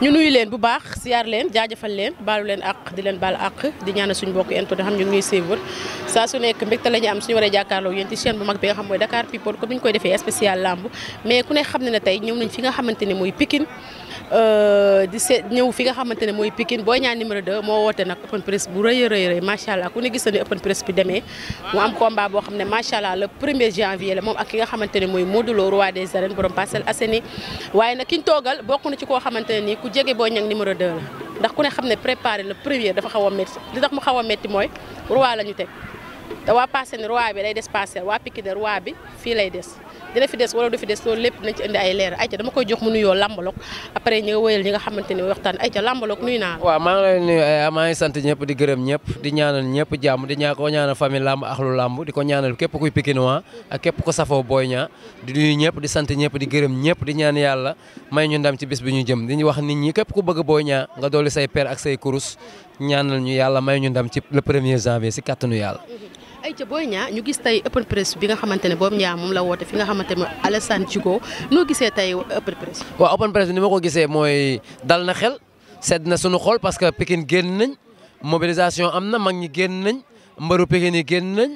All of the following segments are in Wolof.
ñu nuyu leen bu baax siyaar leen jaajëfal leen baalu leen àq di leen baal ak di ñaanal suñu bokk ento di saa su nekk mbégte la am suñu waree jàkkaarloo yéen ci chaîne bu mag bi nga xam mooy Dakar People comme ni ñu koy defee spécial lamb mais ku ne xam ne ne tey ñëw nañ fi nga xamante ne mooy Pikine Euh, di seet ñëw fi nga xamante ne mooy Pikine boo Niang numéro 2 moo woote nag open press bu rëy a rëy rëy macha allah ku ne gis na open press bi demee mu am combat boo xam ne macha allah le premier janvier la moom ak ki nga xamante ne mooy Modou Lo roi des arènes borom Parcelles Assainies waaye nag ki ñu toogal bokk na ci koo xamante ne nii ku jege boo Niang numéro 2 la ndax ku ne xam ne préparé le premier dafa xaw a métti li tax mu xaw a métti mooy roi la ñu teg. te waa Parcelles roi bi day des Parcelles waa Pikine roi bi fii lay des dina fi des wala du fi des loolu lépp nañ ci indi ay leer ayca dama koy jox mu yoo Lambalogue après ñu nga wëyal ñi nga xamante ne waxtaan ayca Lambalogue nuyu naa maa ngi lay eh, maa ngi sant ñëpp di gërëm ñëpp di ñaanal ñëpp jàmm di ñaa ko ñaanal famille Lamb ak lu Lamb di ko ñaanal képp kuy Pikinois ak képp ko safoo Boy Niang di nuyu ñëpp sant ñëpp di gërëm ñëpp di ñaan yàlla may ñu ndam ci bis bi ñu jëm di wax nit ñi képp ku bëgg Boy Niang nga dolli say per ak say kurus ñaanal ñu yàlla may ñu ndam ci le premier janvier si kàttanu yàlla ay ca Boy Niang ñu gis tey open press bi nga xamante ne boobu ñaa moom la woote fi nga xamante ne Alassane Djigo noo gisee tey open press waaw open press ni ma ko gisee mooy dal na xel sedd na suñu xol parce que Pikine génn nañ mobilisation am na mag ñi génn nañ mbëru Pikine yi génn nañ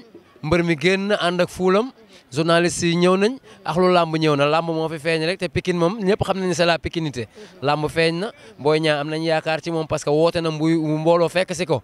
mbër mi génn na ànd ak fuulam journaliste yi ñëw nañ ak lu làmb ñëw na làmb moo fi feeñ rek te Pikine moom ñëpp xam nañ ne c'est la pikinité làmb feeñ na Boy Niang am nañ yaakaar ci moom parce que woote na mbuy mbooloo fekk si ko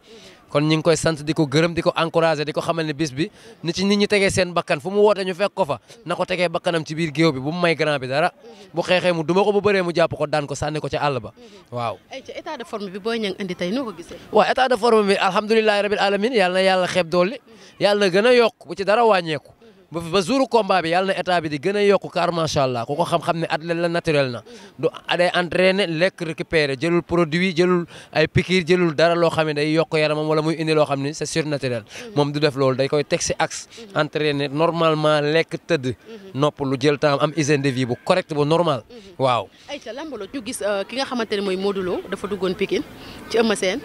kon ñu ngi koy sant di ko gërëm di ko encouragé di ko xamal ne bis bi ni ci ni ñi tege seen bakkan fu mu woote ñu fekk ko fa nako ko tegee bakkanam ci biir géew bi bu mu may grand bi dara bu xeexee mu duma ko bu bëree mu jàpp ko daan ko sànni ko ci àll ba waaw. ay ci état de forme bi booy ñang indi tey noo ko gisee. waaw état de forme bi alhamdulilah rabil alamin yàlla na yàlla xeeb doole yàlla gën a yokk bu ci dara wàññeeku ba jour combat bi yàlla na état bi di gën a yokku car macha allah ku ko xam-xam ne athlète la naturel na du day entraîné lekk récupéré jëlul produit jëlul ay piqûre jëlul dara loo xam ne day yokk yaramam wala muy indi loo xam ne c'est surnaturel mhm. moom du def loolu day koy teg si axe mhm. entraîné normalement lekk tëdd mhm. nopp lu jël temps am hygiène de vie bu correct bu normal waaw. ayca lambalo ñu gis euh, ki nga xamante ne mooy Modou Lo dafa duggoon Pikine ci Eumeu Sène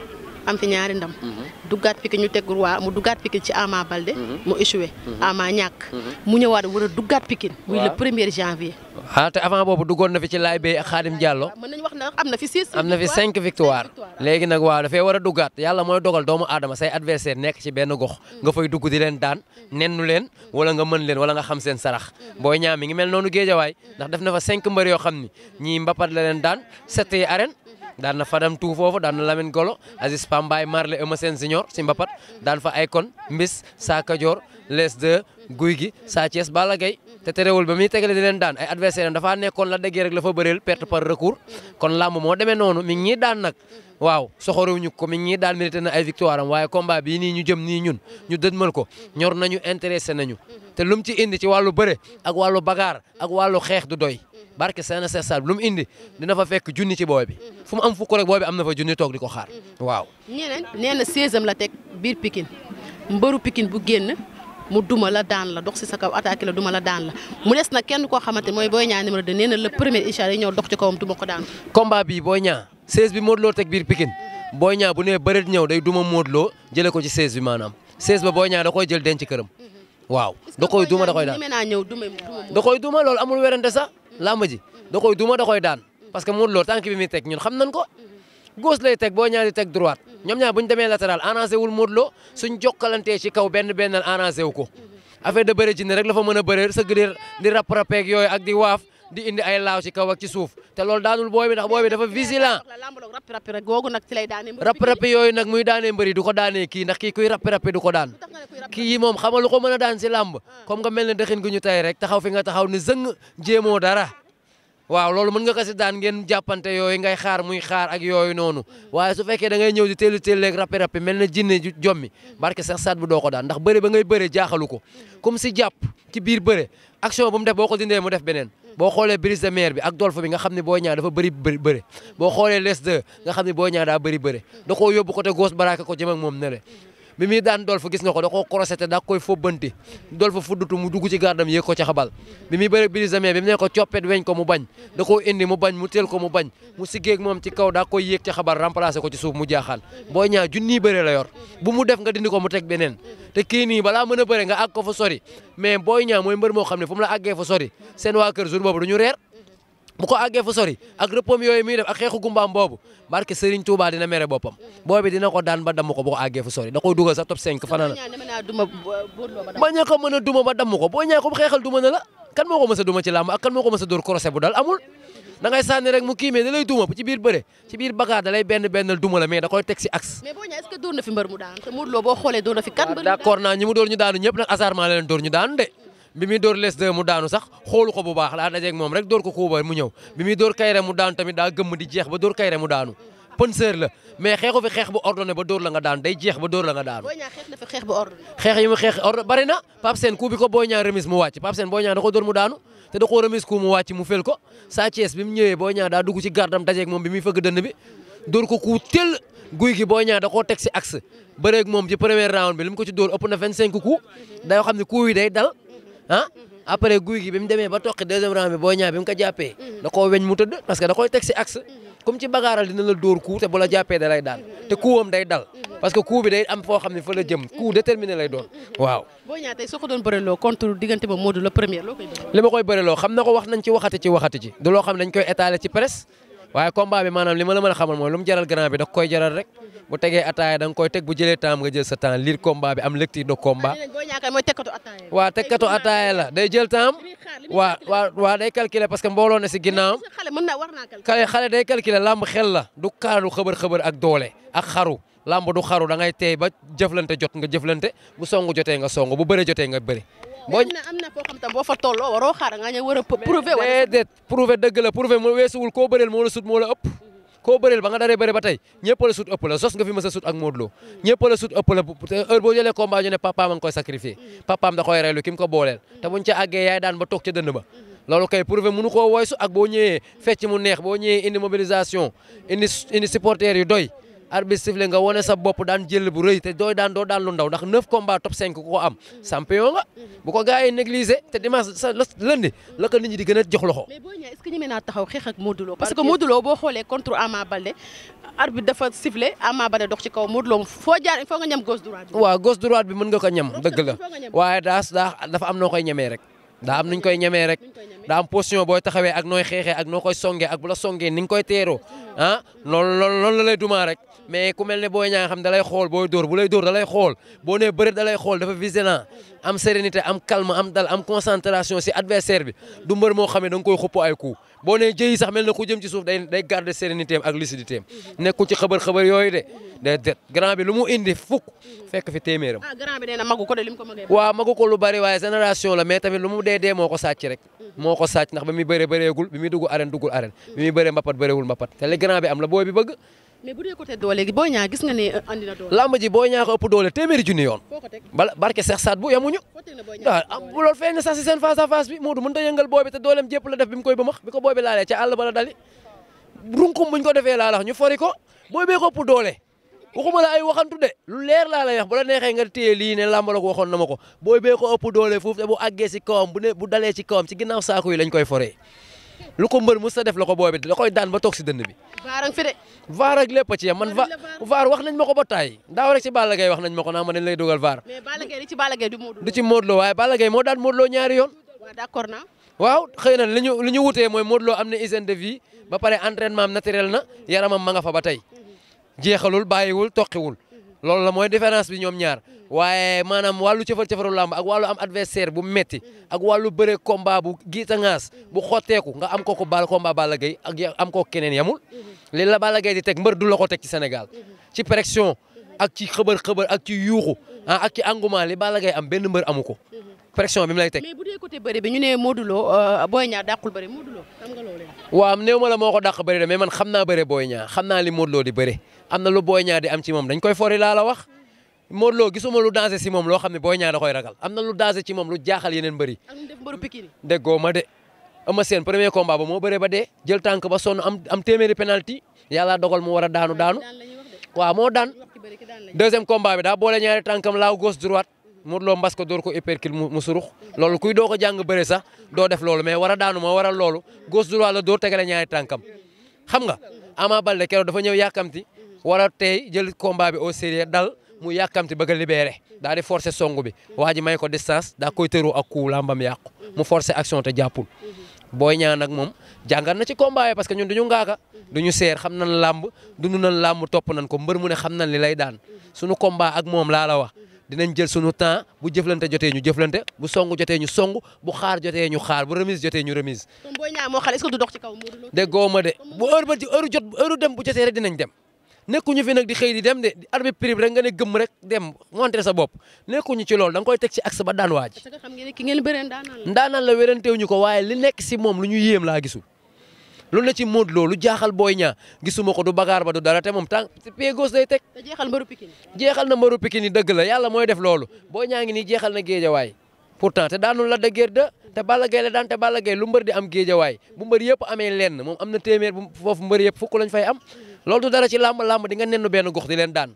am fi ñaari ndam. Mhm. duggaat Pikine ñu teg roi mu duggaat Pikine ci Ama Balde. Mhm. mu échoué mhm. Ama ñàkk. mu ñëwaat war a duggaat Pikine. muy le premier janvier. ah te avant boobu duggoon na fi ci laay bay ak Xaadim Diallo. mën nañu wax nag am na fi six. am na fi cinq victoire léegi nag waaw dafay war a duggaat yàlla mooy dogal doomu aadama say adversaire nekk ci benn gox. Mm. nga fay dugg di leen daan mm. nennu leen mm. wala nga mën leen wala nga xam seen sarax booy ñaam mi ngi mel noonu waay ndax de na fa cinq mbër yoo xam ni ñii mbapat la leen daan sept yi daan na Fadam Tou foofu daan na Lamine Golo Aziz Pambaay Marle Eumeu Sène Junior si mbapat daan fa ay Aykon Mbis Sa Kajoor Les Guy gi Sa Thiès Balla Gaye te terewul ba muy tegale di leen daan ay adversaire am dafaa nekkoon la déggee rek la fa bëreel perte par recours kon làmb moo demee noonu mi ngi ñuy daan nag waaw soxorewuñu ko mi ngi ñuy daan mérité na ay victoire am waaye komba bii nii ñu jëm nii ñun ñu dëdmal ko ñor nañu intéressé nañu te lu mu ci indi ci wàllu bëre ak wàllu bagaar ak wàllu xeex du doy barke seen sees saal bi mu indi dina fa fekk junni ci booy bi fu am fukk rek booy bi am na junni toog di ko xaar waaw. ñeneen nee la teg biir Pikine mbëru Pikine bu génn mu duma la daan la dox si sa kaw attaqué la duma la daan la mu des nag kenn koo xamante mooy Boy Niang numéro 2 nee na le premier incha allah ñëw dox ci kawam duma ko daan. combat bi Boy Niang 16 bi Modou Lo teg biir Pikine Boy Niang bu nee bëreet ñëw day duma Modou Lo jëlee ko ci 16 bi maanaam 16 ba làmb ji da koy duma daan parce que Modou Lo tànk bi teg ñun xam nañ ko gauche lay teg boo ñaari teg droite ñoom ñaar bu demee latéral arrangé wul Modou Lo suñ ci kaw benn benn arrangé wu ko affaire de bëre ji ne rek la fa mën a bëre sëgg di di rap ak di waaf di indi ay laaw ci kaw ak ci suuf te loolu daanul booy bi ndax booy bi dafa vigilant rap rap yooyu nag muy daanee mbëri du ko daanee kii ndax ki kuy rap rap du ko daan kii moom xamal lu ko mën a daan si làmb ah. comme nga mel ne dëxin gu ñu tay rek taxaw fi nga taxaw ne zëng jéemoo dara waaw loolu mën nga ko daan ngeen jàppante yooyu ngay xaar muy xaar ak yooyu noonu mm. waaye su fekkee da ngay ñëw di teelu teel leeg rappi rappi mel na jinne jommi mm. barke sax saat bu doo ko daan ndax bëre ba ngay bëre jaaxalu ko comme si jàpp ci biir bëre action bu mu def ko dindee mu def beneen boo xoolee brise de bi ak dolfa bi nga xam ne Boy Niang dafa bëri bëri bëre boo xoolee les deux nga xam ne boo Niang daa bëri da ko yóbbu côté gauche ka ko jëm ak moom ne bi muy daan Dolph gis nga ko da koo crossé te daa koy fóbbanti Dolph fuddutu mu dugg ci gardam yéeg ko ca xabal bi muy bëri Brise de Mer bi mu ne ko coppet weñ ko mu bañ da koo indi mu bañ mu teel ko mu bañ mu siggéeg moom ci kaw daa koy yéeg ca xabal remplacé ko ci suuf mu jaaxal Boy Niang junniy bëre la yor bu mu def nga dindi ko mu teg beneen te kii nii balaa mën a bëre nga àgg ko fa sori mais Boy Niang mooy mbër moo xam ne fu mu la àggee fa sori seen waa kër jour boobu duñu bu ko àggee fu sori ak rëppam yooyu muy def ak xeexu gumbaam boobu barke Serigne mere boppam boobi dina daan ba damm ko bu ko àggee sori da koy dugal sax top 5 fanaan ko duma ba damm ko boo ñaa ko xeexal duma na la kan moo a duma ci làmb ak kan moo ko mës a dóor na fi mbër mu daan te Modou Lo na fi kan de bi muy dóor les deux mu daanu sax xoolu ko bu baax daa dajeeg moom rek dóor ko kuuba mu ñëw bi muy dóor kayre mu daanu tamit daa gëmm di jeex ba dóor kayre mu daanu penseur la mais xeexu fi xeex bu ordonné ba dóor la nga daan day jeex ba dóor la nga daanu. xeex na fi xeex bu ordonné. xeex yi mu na Pape Sène coup bi ko booy ñaar remise mu wàcc Pape booy ñaar da ko dóor mu daanu te da koo remise coup mu wàcc mu fel ko Sa Thiès bi mu ñëwee booy ñaar daa dugg ci gardam dajeeg moom bi muy fëgg dënn bi dóor ko coup tel guy gi booy ñaar da koo teg si axe bëreeg moom ci premier round bi li mu ko ci dóor ëpp na ne coup yi day ah après guy gi bi mu demee ba toqi deuxième round bi booy ñaa bi mu ko jàppee mm-hmm. da koo weñ mu tëdd parce que da koy teg si axe mm-hmm. ci bagaaral dina la dóor coup te bu la jàppee da lay daal mm-hmm. te kuwam day dal parce que coup bi day am foo xam ne fa la jëm coup déterminé lay doon waaw. boo ñaatee tey soo ko doon bëreloo contre diggante ba loo koy bëreloo. li ma koy bëreloo xam na ko wax nañ ci waxati ci waxati ci du loo xam ne dañ koy étaler ci presse waaye combat bi maanaam li la mën a xamal mooy lu mu jaral grand bi da koy jaral rek bu tegee ataaya da nga koy teg bu jëlee temps nga jël sa temps lire combat bi am lecture de combat. waaw tekkatu ataaya la day jël temps waa waa waa day calculer parce que mbooloo ne si ginnaawam. xale xale day calculer làmb xel la du kaaru xëbër xëbër ak doole ak xaru. làmb du xaru da ngay teey ba jëflante jot nga jëflante bu songu jotee nga songu bu bëre jotee nga bëre. boo am na foo xam tam boo fa tolloo waroo xaar nga ñëw war a prouver. déedéet dëgg la prouver mu weesuwul koo bëreel moo la sut moo la ëpp. koo bëreel ba nga daree bëre ba tey ñëpp sut ëpp la sos nga fi mës a sut ak Modou Lo sut ëpp la heure boo jëlee combat a ngi koy sacrifié papaam da koy reylu ki ko booleel te buñ ca àggee yaay daan ba toog ca dënd ba loolu kay prouvé mënu koo woysu ak boo ñëwee fecc mu neex boo ñëwee indi mobilisation indi indi supporters doy arbitre sifflé nga wane sa bopp daan jël bu te dooy daan doo daan lu ndax neuf combats top cinq ko am champion nga bu ko gars te dimanche sa lundi la gën a jox loxo. parce que Modou boo xoolee contre Ama Baldé arbitre dafa sifflé Ama Baldé dox ci kaw Modou Lo foo jaar nga ñam gauche droite bi. waaw nga ko ñam dëgg la waaye daas daa dafa am noo koy ñemee rek daa am nuñ koy ñemee rek. daam am booy taxawee ak nooy xeexee ak noo koy songee ak bu la songee ni nga koy teeroo noon ah, loolu loolu la lay dumaa rek mais ku mel ne booy ñaa nga xam dalay xool booy dóor bu lay dóor dalay xool boo nee bëreet dalay xool dafa vigilant am sérénité am calme am dal am concentration si adversaire bi du moo xam ne da nga koy xupp ay coup boo ne jëyi sax mel na ku jëm ci suuf day day garder sérénité am ak lucidité am nekku xabar xabar yooyu de day det grand bi lu mu indi fukk fekk fi téeméeram. ah grand bi nee na magu ko lu bari waaye génération la mais tamit lu mu dee dee moo ko sàcc rek. moo ko sàcc ndax bi muy bëree bëreegul bi muy dugg arène duggul arène bi muy bëree mbapat bëreewul mbapat te li grand bi am la booy bi bëgg mais bu dee côté doole gi Boy Niang gis nga ne euh, andi na doole. ji Boy Niang ko ëpp doole téeméeri junni yoon. bala barke Seex bu yamuñu. waaw loolu feeñ na sax si seen face à face bi ta yëngal boobi te dooleem jépp la def bi mu koy bëmax bi ko boobi laalee ca àll bala dali. runkum buñ ko defee laa ñu fori ko booy ko ëpp doole waxuma la ay waxantu de lu leer laa lay wax bu la neexee nga téye lii ne làmb la ko waxoon na ma ko booy bee ko ëpp doole foofu te bu àggee si kawam bu ne bu dalee ci kawam ci ginnaaw saako yi lañ koy foree lu ko mbër mës a def la ko boobi da koy daan ba toog si dënd bi. vaar ak ci yam man va vaar wax nañ ma ko ba taay daaw rek si Balla Gaye wax nañ ma ko naa ma dañ lay dugal vaar. mais Balla Gaye li ci Balla Gaye du Modou Lo. du ci Modou Lo waaye Balla Gaye moo daan Modou ñaari yoon. waaw d'accord naa. na li ñu li ñu wutee mooy Modou Lo am na hygiène de vie ba pare entraînement am naturel na yaramam ma nga fa ba tey mhm. jeexalul bàyyiwul toqiwul loolu la mooy différence bi ñoom ñaar waaye maanaam wàllu cëfal cëfaru làmb ak wàllu am adversaire bu metti ak wàllu bëre combat bu giitangaas bu xotteeku nga am ko ko bal komba Balla Gaye ak am ko keneen yamul mhm. li la Balla Gaye di teg mbër du la ko teg ci senegal mhm. ci pression ak ci xëbër xëbër ak ci yuuxu mhm. ah ak ci engouement li Balla Gaye am benn mbër amu ko pression bi mu lay teg. mais bu dee côté bëre bi ñu ne Modou Lo euh, Boy Niang dàqul bëre Modou Lo xam nga loolu. waaw la moo ko dàq bëre de mais man xam naa bëre Boy Niang xam naa li Modou Lo di bëre am na lu booy Niang am ci moom dañ koy fori laa la wax Modou loo gisuma lu danger si moom loo xam ne booy Niang da koy ragal am na lu danger ci moom lu jaaxal yeneen mbëri. ak mu def mbëru ma de Eumeu Sène premier combat ba moo bëree ba dee jël tànk ba sonn am am téeméeri penalty yàlla dogal mu war a daanu daanu waaw moo daan deuxième combat bi daa boole ñaari tànkam laaw gauche droite Modou Lo mbas ko door ko uppercut mu surux loolu kuy doo ko jàng bëre sax doo def loolu mais war a daanu moo waral loolu gauche droite la door tegale ñaari tànkam xam nga Ama Baldé keroog dafa ñëw yàkkamti wala tey jël combat bi au sérieux dal mu yàkkamti ba ga libéré daa di forcer song bi waa ji may ko distance daa koy tëroo ak ku làmbam yàqu mu force action te jàppul. booy ñaan ak moom jàngat na ci combat yi parce que ñun duñu ngaaka ñu seer xam na làmb dund nañ làmb topp nañ ko mbër mu ne xam nañ li lay daan suñu combat ak moom laa la wax dinañ jël sunu temps bu jëflante jotee ñu jëflante bu song jotee ñu song bu xaar jotee ñu xaar bu remise jotee ñu remise. kon booy ñaan moo ci kaw. déggoo ma de jot heure dem bu jotee rek dinañ dem. nekkuñu fi nag di xëy di dem de arbitre prix bi rek nga ne gëmm rek dem monter sa bopp nekkuñu ci loolu dang koy teg ci axe ba daan waaj. parce que xam ngeen ne ki ngeen bëreen daanaan la. daanaan la ko waaye li nekk si moom lu ñu yéem laa gisul loolu la ci Modou loolu jaaxal Boy ñaa gisuma ko du bagaar ba du dara te moom tànk pied gauche day teg. te jeexal mbaru Pikine. jeexal na mbaru Pikine dëgg la yàlla mooy def loolu Boy Niang ngi ni jeexal na géejawaay pourtant te daanul la de guerre te Balla Gaye la daan te Balla Gaye di am géejawaay bu mbër yëpp amee lenn moom am na téeméer bu foofu mbër yëpp fukk lañ fay am loolu dara ci làmb làmb di nga nenn benn gox di leen daan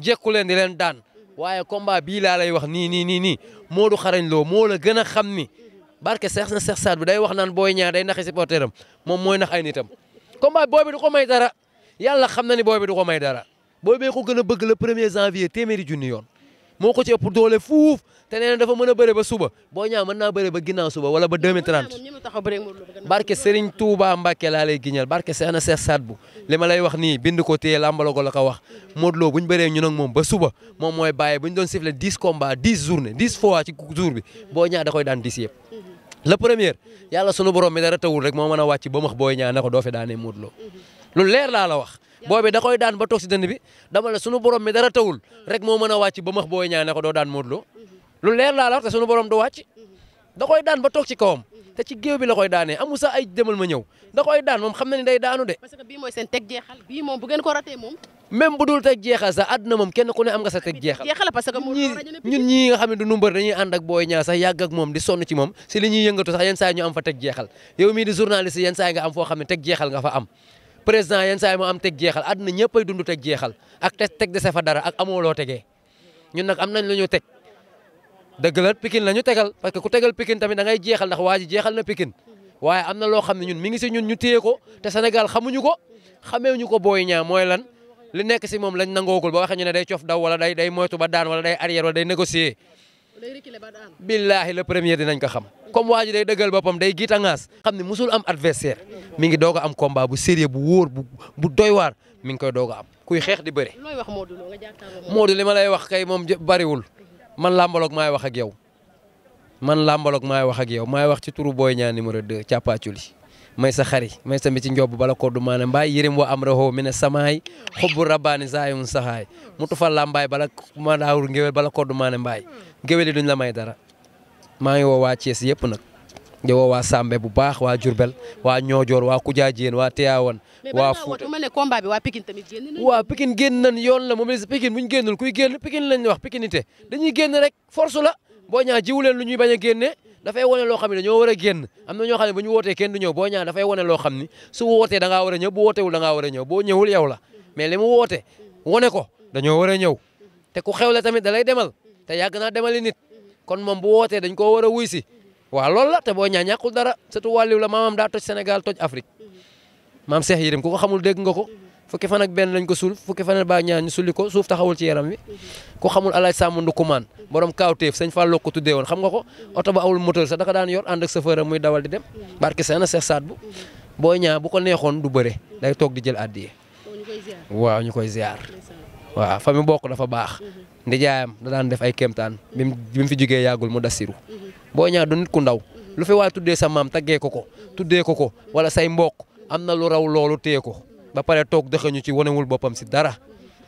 jekku leen di leen daan waaye combat bii laa lay wax nii nii nii nii Modou Xarañ Lo moo la gën a xam ni barke seex na seex saat day wax naan booy ñaar day naxi supporter am moom mooy nax ay nitam. combat booy bi du ko may dara yàlla xam na ni booy bi du ko may dara booy bee ko gën a bëgg la premier janvier téeméeri junni yoon. moo ko ci ëpp doole fuuf te nee na dafa mën a bëre ba suba boo ñaa mën naa bëre ba ginnaaw suba wala ba 2030 barke Serigne Touba Mbacke laa lay giñal barke Seexna Seex Saat bu li ma lay wax nii bind ko téye làmbala ko la ko wax Modou Lo bu ñu moom ba suba moom mooy bàyyi bu ñu doon siffler 10 combats 10 journée 10 fois ci jour bi boo ñaa da koy daan 10 yëpp le premier yàlla sunu borom mi dara tawul rek moo mën a wàcc ba max booy ñaa ne ko doo fi daanee lu leer laa la wax. boobe da koy daan ba toog si dënd bi dama la sunu borom mi dara tawul rek moo mën a wàcc ba max booy ñaane ko doo daan Modou Lo lu leer laa la wax te sunu borom du wàcc da koy daan ba toog ci kawam te ci géew bi la koy daanee amu sa ay demal ma ñëw da koy daan moom xam na ni day daanu de. parce que bii mooy seen teg jeexal bii moom bu dul teg jeexal sax àdduna moom kenn ku am nga sa teg jeexal ñun ñii nga xam ne du numbar dañuy ànd booy ñaar sax yàgg moom di sonn ci moom li ñu am fa teg jeexal yow mii di journaliste am foo xam ne jeexal nga fa am président yenn saa moo mu am teg jeexal adna ñëpp ay dund teg jeexal ak te teg dese fa dara ak amoo loo tegee ñun nag am nañ lu ñu teg dëgg la Pikine la tegal parce que ku tegal Pikine tamit da ngay jeexal ndax waa jeexal na Pikine waaye am na loo xam ne ñun mi ngi si ñun ñu téye ko te Sénégal xamuñu ko xameewuñu ko booy Niang mooy lan li nekk si moom lañ nangoogul ba waxee ñu ne day cof daw wala day day moytu ba daan wala day arrière wala day négocier billaahi le premier dinañ ko xam comme waa ji day dëggal boppam day giita ngaas xam ne musul am adversaire mi ngi doog am combat bu sérieux bu wóor bu bu doy waar mi ngi koy doog a am kuy xeex di bëre. looy wax Modou Lo nga ma lay wax kay moom bariwul man làmbaloog maay wax ak yow man làmbaloog wax ak yow maay wax ci turu Boy Niang numéro 2 càppaaculi may sa xari may sa mi ci njob bala koddu maana mbaay yërim wa am raho mi ne samaay xobbu rabbaani saayum sahaay mutu fa lambaay bala ma daawur ngéwél bala koddu maana mbaay ngéwél yi duñ la may dara maa ngi woo waa Thiès yëpp nag di woo waa Sambe bu baax waa Diourbel waa Niodior waa Koudiadiène waa Tivaouane waa Fouta ma ne combat bi waa Pikine tamit génn nañ waa Pikine génn nañ yoon la mobilise Pikine bu ñu génnul kuy génn Pikine lañ wax Pikinité dañuy génn rek force la boo ñaa jiwu leen lu ñuy bañ a génnee dafay wane loo xam ne dañoo war a génn am na ñoo xam ne bu ñu wootee kenn du ñëw boo ñaan dafay wane loo xam ni su wootee da ngaa a ñëw bu wootewul da ngaa war a ñëw boo ñëwul yow la mais li mu woote wone ko dañoo war a ñëw te ku xew la tamit dalay demal te yàgg naa demali nit kon moom bu wootee dañ koo war a wuy si waaw loolu la te boo ñaa ñàkkul dara surtout wàlliw la maamam daa toj Sénégal toj Afrique maam Cheikh Yérim ku ko xamul dégg nga ko fukki fan ak benn lañ ko suul fukki fan ak baa ñaar ñu sulli ko suuf taxawul ci yaram wi ko xamul alaaj sàmm ndukumaan borom kaawteef sëñ Fallou ko tuddee woon xam nga ko oto ba awul moteur sax daka daan yor ànd ak chauffeur am muy dawal di dem barki seena seex saat bu boo ñaa bu ko neexoon du bëre day toog di jël addiye waaw ñu koy ziar waaw fa mi bokk dafa baax ndijaayam da daan def ay kéemtaan bi mu fi jógee yàggul mu dasiru boo ñaa du nit ku ndaw lu fi waay tuddee sa maam taggee ko ko tuddee ko ko wala say mbokk am lu raw loolu téye ko ba pare toog dëxëñu ci wanewul boppam si dara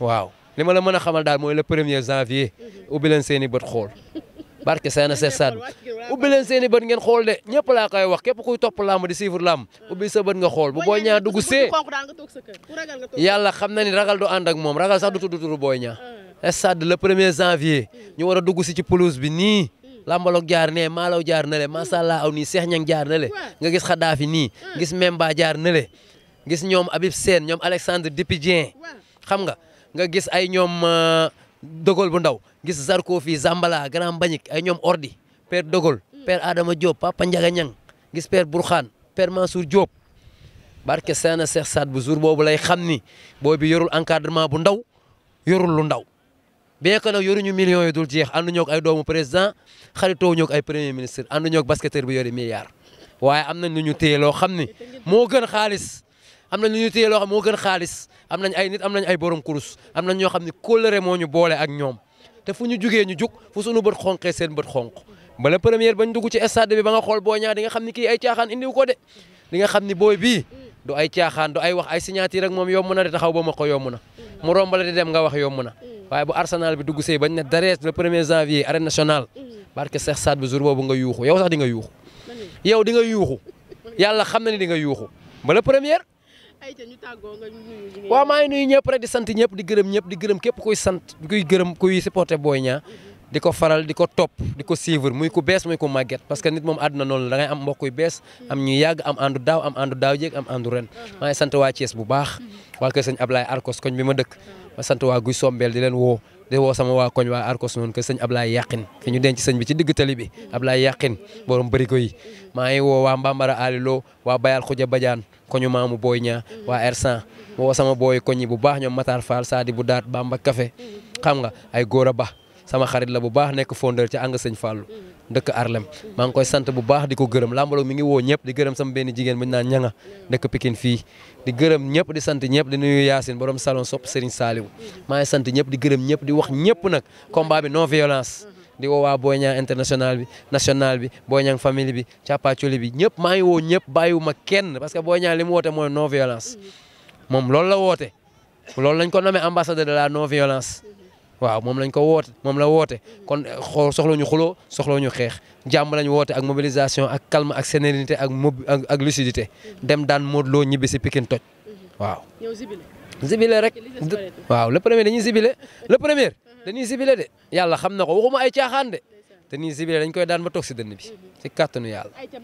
waaw li ma la mën a xamal daal mooy la premier janvier ubbi leen seen bët xool barke Seyna Seet Saad ubbi leen seen i bët ngeen xool de ñëpp laa koy wax képp kuy topp làmb di suivre làmb ubbi sa bët nga xool bu booy ñaa dugg see yàlla xam na ni ragal du ànd ak moom ragal sax du tudd turu booy ñaa mm. sad le premier janvier ñu war a dugg si ci pelouse bi nii mm. Lambalogue jaar ne Malaw jaar na le mm. Masalla aw nii Cheikh Niang jaar na le nga gis Xadaafi nii gis Memba jaar na le gis ñoom Habib Sène ñoom Alexandre Dépidien xam nga nga gis ay ñoom euh, Dogol bu ndaw gis Zarko fii Zambala Grand Mbagnick ay ñoom Ordi père Dogol mm. père Adama Diop Papa Ndiaga Niang gis père Bourkhane père Mansour Diop barke Seyna Cheikh Saad bu jour boobu lay xam ni booy bi yorul encadrement bu ndaw yorul lu ndaw bien que nag yoruñu millions yi dul jeex ànduñoo ak ay doomu président xaritoo ñoo ak ay premier ministre ànduñoo ak basketteur bu yore milliard waaye am nañ lu ñu am nañ lu ñu téye loo xam moo gën xaalis am nañ ay nit am nañ ay borom kurus am nañ ñoo xam ne kóllëre moo boole ak ñoom te fu ñu jugee ñu jug fu suñu bët xonqee seen bët xonq bala première bañ dugg ci stade bi ba nga xool boo ñaa di nga xam ni kii ay caaxaan indiw ko de di nga xam ni booy bii du ay caaxaan du ay wax ay signature rek moom yomb na de taxaw ba ma ko yomb na mu rombale di dem nga wax yomb na waaye bu Arsenal bi dugg see bañ ne darees le premier janvier arène nationale barke Cheikh Saad bu jour boobu nga yuuxu yow sax di nga xam na di nga yuuxu waaw maa ngi nuyu ñëpp rek di sant ñëpp di gërëm ñëpp di gërëm képp kuy sant kuy gërëm kuy supporter booy ñaa mhm. di ko faral di ko topp di ko suivre muy ku bees muy ku màgget parce que nit moom àdduna noonu la da am mbokk yu bees mhm. am ñu yàgg am àndu daaw am àndu daaw jéeg am àndu ren mhm. maa ngi sant waa Thiès bu baax waa kër sëñ Ablaye Arcos koñ bi ma dëkk ma sant waa Guy Sombeel di leen woo di woo sama waa koñ waa Arcos noonu kër sëñ Ablaye Yàqin fi ñu denc sëñ bi ci digg tali bi Ablaye Yàqin borom bërigo yi maa ngi woo waa Mbambara Alilo waa Bayal Xuja Badiane koñu maamu booy ñaa waa R100 mhm. woo sama booy koñi bu baax ñoom Matar Fall Sadi bu daat Bamba Café mhm. xam nga ay góor a baax sama xarit la bu baax nekk fondeur ci Anga Sëñ Fallou mhm. dëkk Arlem maa ngi koy sant bu baax di ko gërëm làmbaloog mi ngi woo ñëpp di gërëm sama benn jigéen bu naa naan ñanga dëkk Pikine fii di gërëm ñëpp di sant ñëpp di nuyu Yacine boroom salon sopp Serigne Saliou maa ngi sant ñëpp di gërëm ñëpp di wax ñëpp nag combat bi non violence di woo waa ñaa international bi national bi Boy Niang famille bi càppaacoli bi ñëpp maa ngi woo ñëpp bàyyiwuma kenn parce que Boy Niang li mu woote mooy non violence moom loolu la woote loolu lañ ko nommé ambassadeur de la non violence waaw moom lañ ko woote moom la woote kon xool soxla ñu xuloo soxla ñu xeex jàmm lañ woote ak mobilisation ak calme ak sérénité ak mob ak lucidité dem daan Modou Lo ñibbi si Pikine toj waaw. ñëw rek waaw le premier dañuy zibile le premier. dañuy sibile de yàlla xam na ko waxuma ay caaxaan de te nii sibile dañ koy daan ba toog si bi si kàttanu yàlla. ayca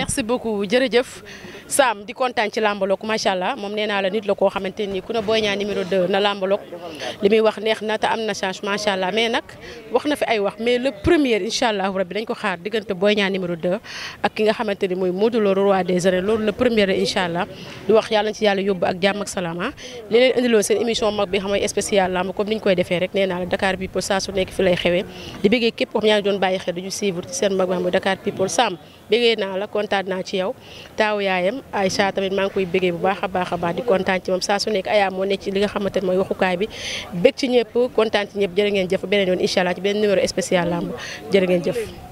merci beaucoup di kontaan ci làmbaloog macha allah moom nee naa la nit la koo xamante ni ku ne Boy Niang numéro 2 na làmbaloog li muy wax neex na te am na change macha allah mais nag wax na fi ay wax mais le premier incha allah rabbi dañ ko xaar diggante Boy Niang numéro 2 ni mooy Modou Lo roi des di wax yàlla ci yàlla yóbbu ak jàmm ak salaama ah. li leen indiloon seen émission mag bi xam mooy spécial làmb comme koy defee rek nee la Dakar bi pour saa su nekk fi lay xewee bëggee képp wax yaa doon bàyyi xel duñu suivre ci seen mag wax mu Dakar People Sam bëggee naa la kontaan naa ci yow taaw yaayam Aïcha tamit maa ngi koy bëggee bu baax a baax a baax di kontaan ci moom saa su nekk ayaa moo nekk ci li nga xamante mooy waxukaay bi bëgg ci ñëpp kontaan ci ñëpp jërë ngeen jëf beneen yoon incha allah ci beneen numéro spécial lamb jërë ngeen jëf